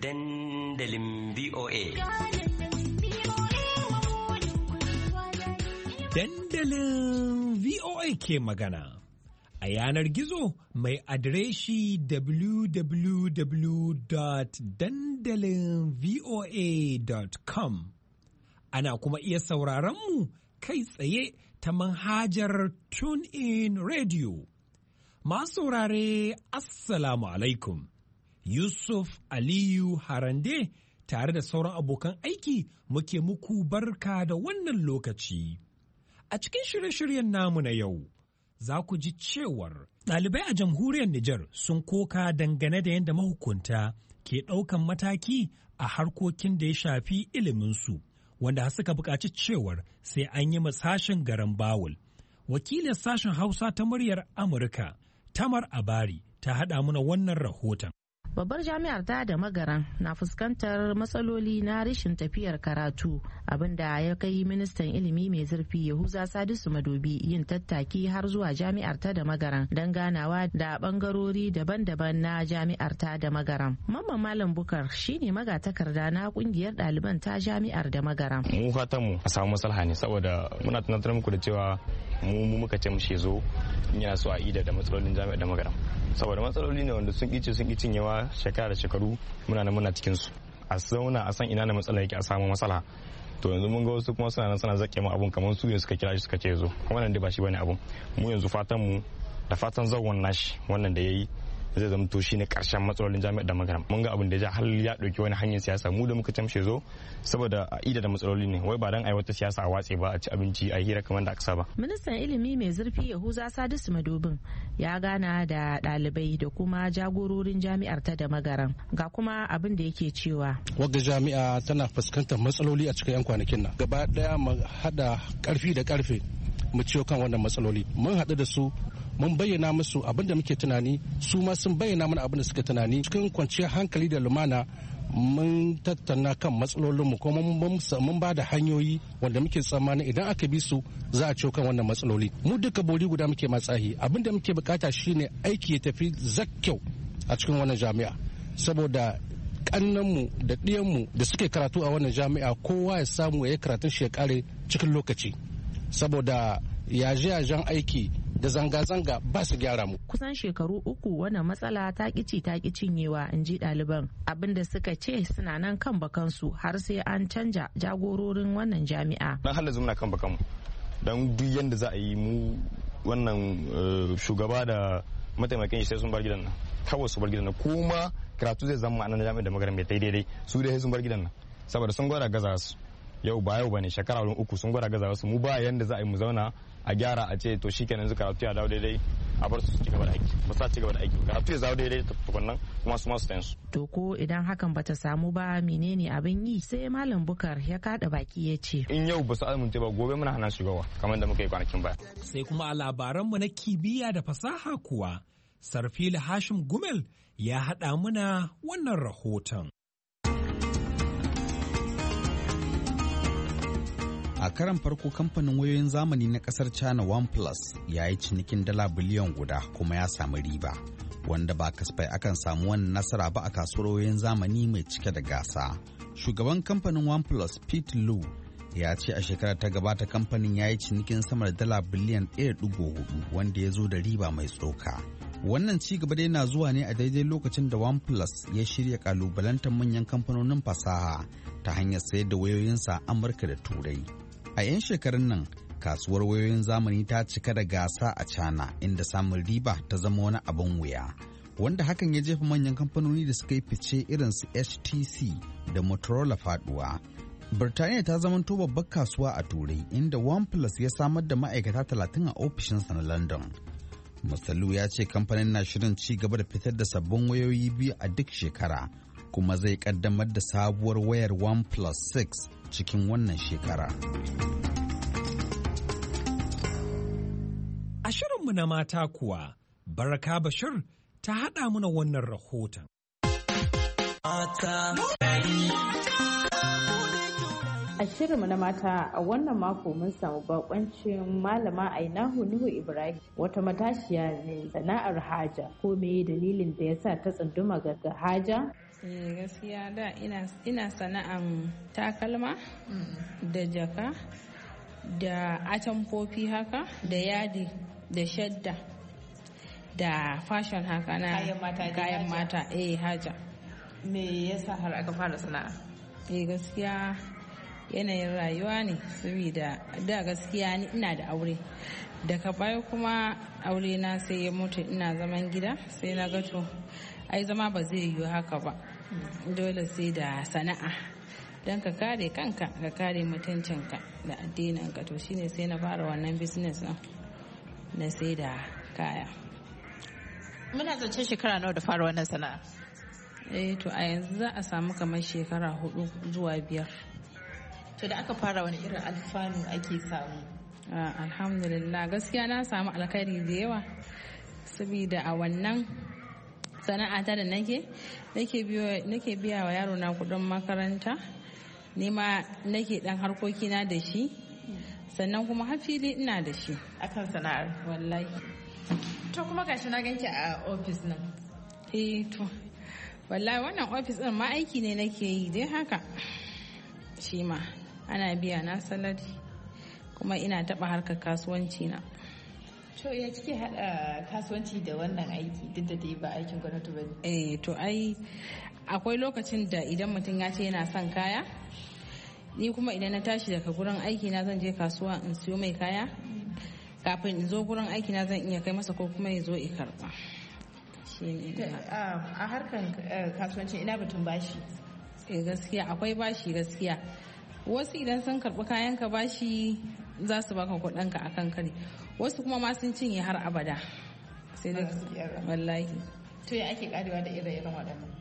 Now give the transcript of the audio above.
dandalin VOA. Dandalin VOA ke magana. A yanar gizo mai adireshi www.dandalinvoa.com. Ana kuma iya sauraron mu kai tsaye ta manhajar TuneIn Radio. Masu saurare, Assalamu alaikum. Yusuf Aliyu Harande tare da sauran abokan aiki muke muku barka da wannan lokaci. A cikin shirye-shiryen namu na yau, za ku ji cewar ɗalibai a jamhuriyar Nijar sun koka dangane da yadda mahukunta ke ɗaukan mataki a harkokin da ya shafi iliminsu, wanda suka buƙaci cewar sai an yi sashen garan bawul. Wakilin sashen Hausa ta muryar Amurka, Tamar Abari, ta haɗa mana wannan rahoton. babbar jami'ar ta da magaran na fuskantar matsaloli na rashin tafiyar karatu abinda ya kai ministan ilimi mai zurfi yahuza sadisu madobi yin tattaki har zuwa jami'ar ta da magaran don ganawa da bangarori daban-daban na jami'ar ta da magaran mamman malam bukar shine magatakarda na kungiyar ɗaliban ta jami'ar da magaran mu fatan mu a samu ne saboda muna tunatar muku da cewa mu muka ce mushi zo yana so a ida da matsalolin jami'a da magana saboda matsaloli ne wanda sun kice sun kice yawa shekara da shekaru muna nan muna cikin su a zauna a san ina ne matsala yake a samu matsala to yanzu mun ga wasu kuma suna nan suna zake mu abun kamar su ne suka kira shi suka ce zo kuma nan dai ba shi bane abun mu yanzu fatan mu da fatan zawon nashi wannan da yayi zai zama to shine karshen matsalolin jami'ar da magaram mun ga abin da ya har ya dauki wani hanyar siyasa mu da muka camshe zo saboda a ida da matsaloli ne wai ba dan ai wata siyasa a watse ba a ci abinci a hira kamar da aka ba. ministan ilimi mai zurfi Yahuza Sadisu Madobin ya gana da dalibai da kuma jagororin jami'ar ta da magaran ga kuma abin da yake cewa wagga jami'a tana fuskantar matsaloli a cikin yan kwanakin nan gaba daya mu hada karfi da karfe mu ciyo kan wannan matsaloli mun haɗu da su mun bayyana musu abin da muke tunani su ma sun bayyana mana abin da suka tunani cikin kwanciyar hankali da lumana mun tattauna kan matsalolinmu kuma mun ba da hanyoyi wanda muke tsammanin idan aka bi su za a ciwo kan wannan matsaloli mu duka bori guda muke matsahi abin da muke bukata shine aiki ya tafi zakkyau a cikin wannan jami'a saboda kannanmu da ɗiyanmu da suke karatu a wannan jami'a kowa ya samu ya yi karatun shi ya kare cikin lokaci saboda yaje-yajen aiki da zanga-zanga ba su gyara mu. Kusan shekaru uku wannan matsala ta kici ta cinyewa in ji ɗaliban abinda suka ce suna nan kan bakansu har sai an canja jagororin wannan jami'a. Na hala muna kan bakanmu don duk yadda za a yi mu wannan eh, shugaba da mataimakin shi sai sun bar gidan nan kawai su bar gidan nan kuma karatu zai zama a nan jami'a da magana mai daidai su dai sun bar gidan nan saboda sun gwada gaza su yau ba yau bane shekara wurin uku sun gwada gazawa su mu ba yanda za a yi mu zauna a gyara a ce to shikenan yanzu karatu ya dawo daidai a bar su cigaba da aiki ba sa cigaba da aiki karatu ya dawo daidai tukunnan kuma su masu su su. to ko idan hakan bata samu ba menene abin yi sai malam bukar ya kada baki ya ce. in yau ba su amince ba gobe muna hana shigowa kamar da muka yi kwanakin baya. sai kuma a labaranmu na kibiya da fasaha kuwa sarfili hashim gumel ya haɗa muna wannan rahoton. a karan farko kamfanin wayoyin zamani na kasar china oneplus ya yi cinikin dala biliyan guda kuma ya samu riba wanda ba kasfai akan samu wani nasara ba a kasuwar wayoyin zamani mai cike da gasa shugaban kamfanin oneplus pete lu ya ce a shekarar ta gabata kamfanin ya yi cinikin sama da dala biliyan 1.4 wanda ya zo da riba mai tsoka wannan ci gaba dai na zuwa ne a daidai lokacin da oneplus ya shirya kalubalantar manyan kamfanonin fasaha ta hanyar sayar da wayoyinsa amurka da turai A 'yan shekarun nan kasuwar wayoyin zamani ta cika da gasa a Cana inda samun riba ta zama wani abin wuya. Wanda hakan ya jefa manyan kamfanoni da suka yi fice irin su HTC da Motorola faduwa. Birtaniya ta zamanto babbar kasuwa a Turai inda OnePlus ya samar da ma'aikata talatin a ofishinsa na London. Masalu ya ce kamfanin na shirin ci gaba da fitar da sabbin wayoyi biyu a duk shekara kuma zai kaddamar da sabuwar wayar OnePlus 6 cikin wannan shekara. A shirinmu na mata kuwa, Baraka Bashir ta haɗa muna wannan rahoton. A shirinmu na mata a wannan mako mun samu bakoncin malama aina Nuhu Ibrahim wata matashiya ne sana'ar haja ko me dalilin da ya sa ta tsunduma ga haja Eh, gaskiya da ina sana'an takalma da jaka da atamfofi haka da yadi da shadda da fashion haka na kayan mata eh haja me yasa har aka fara sana'a eh gaskiya yanayin rayuwa ne saboda da gaskiya ni ina da aure daga baya kuma aure na sai ya mutu ina zaman gida sai na gato ai zama ba zai yiwu haka ba dole sai da sana'a don ka kare kanka ka kare mutuncinka da addininka to shine sai na fara wannan business na sai da kaya muna zance shekara nawa da fara wannan sana'a eh to a yanzu za a samu kamar shekara hudu zuwa biyar to da aka fara wani irin alfanu ake samu alhamdulillah gaskiya na samu alkhairi da yawa saboda a wannan sana'ata da nake nake biya wa yaro na kudin makaranta nema nake dan harkokina da shi sannan kuma hafili ina da shi akan sana'ar wallahi to kuma gashi na ganki a ofis nan eh to wallahi wannan ofis din ma aiki ne nake yi dai haka shi ma ana biya na salari kuma ina taba harkar kasuwanci na To ya kike haɗa kasuwanci da wannan aiki duk da dai ba aikin gwamnati ba Eh to ai akwai lokacin da idan mutum ya ce yana son kaya ni kuma idan na tashi daga gurin aiki na zan je kasuwa in siyo mai kaya kafin in zo gurin aiki na zan iya kai masa ko kuma ya zo ya karba. A harkar eh, kasuwanci ina batun bashi. Eh gaskiya akwai bashi gaskiya. Wasu idan sun karbi kayan ka bashi za su baka kuɗinka akan kare. wasu kuma ma sun cinye har abada sai dai wallahi to ya ake karewa da ire-iren waɗannan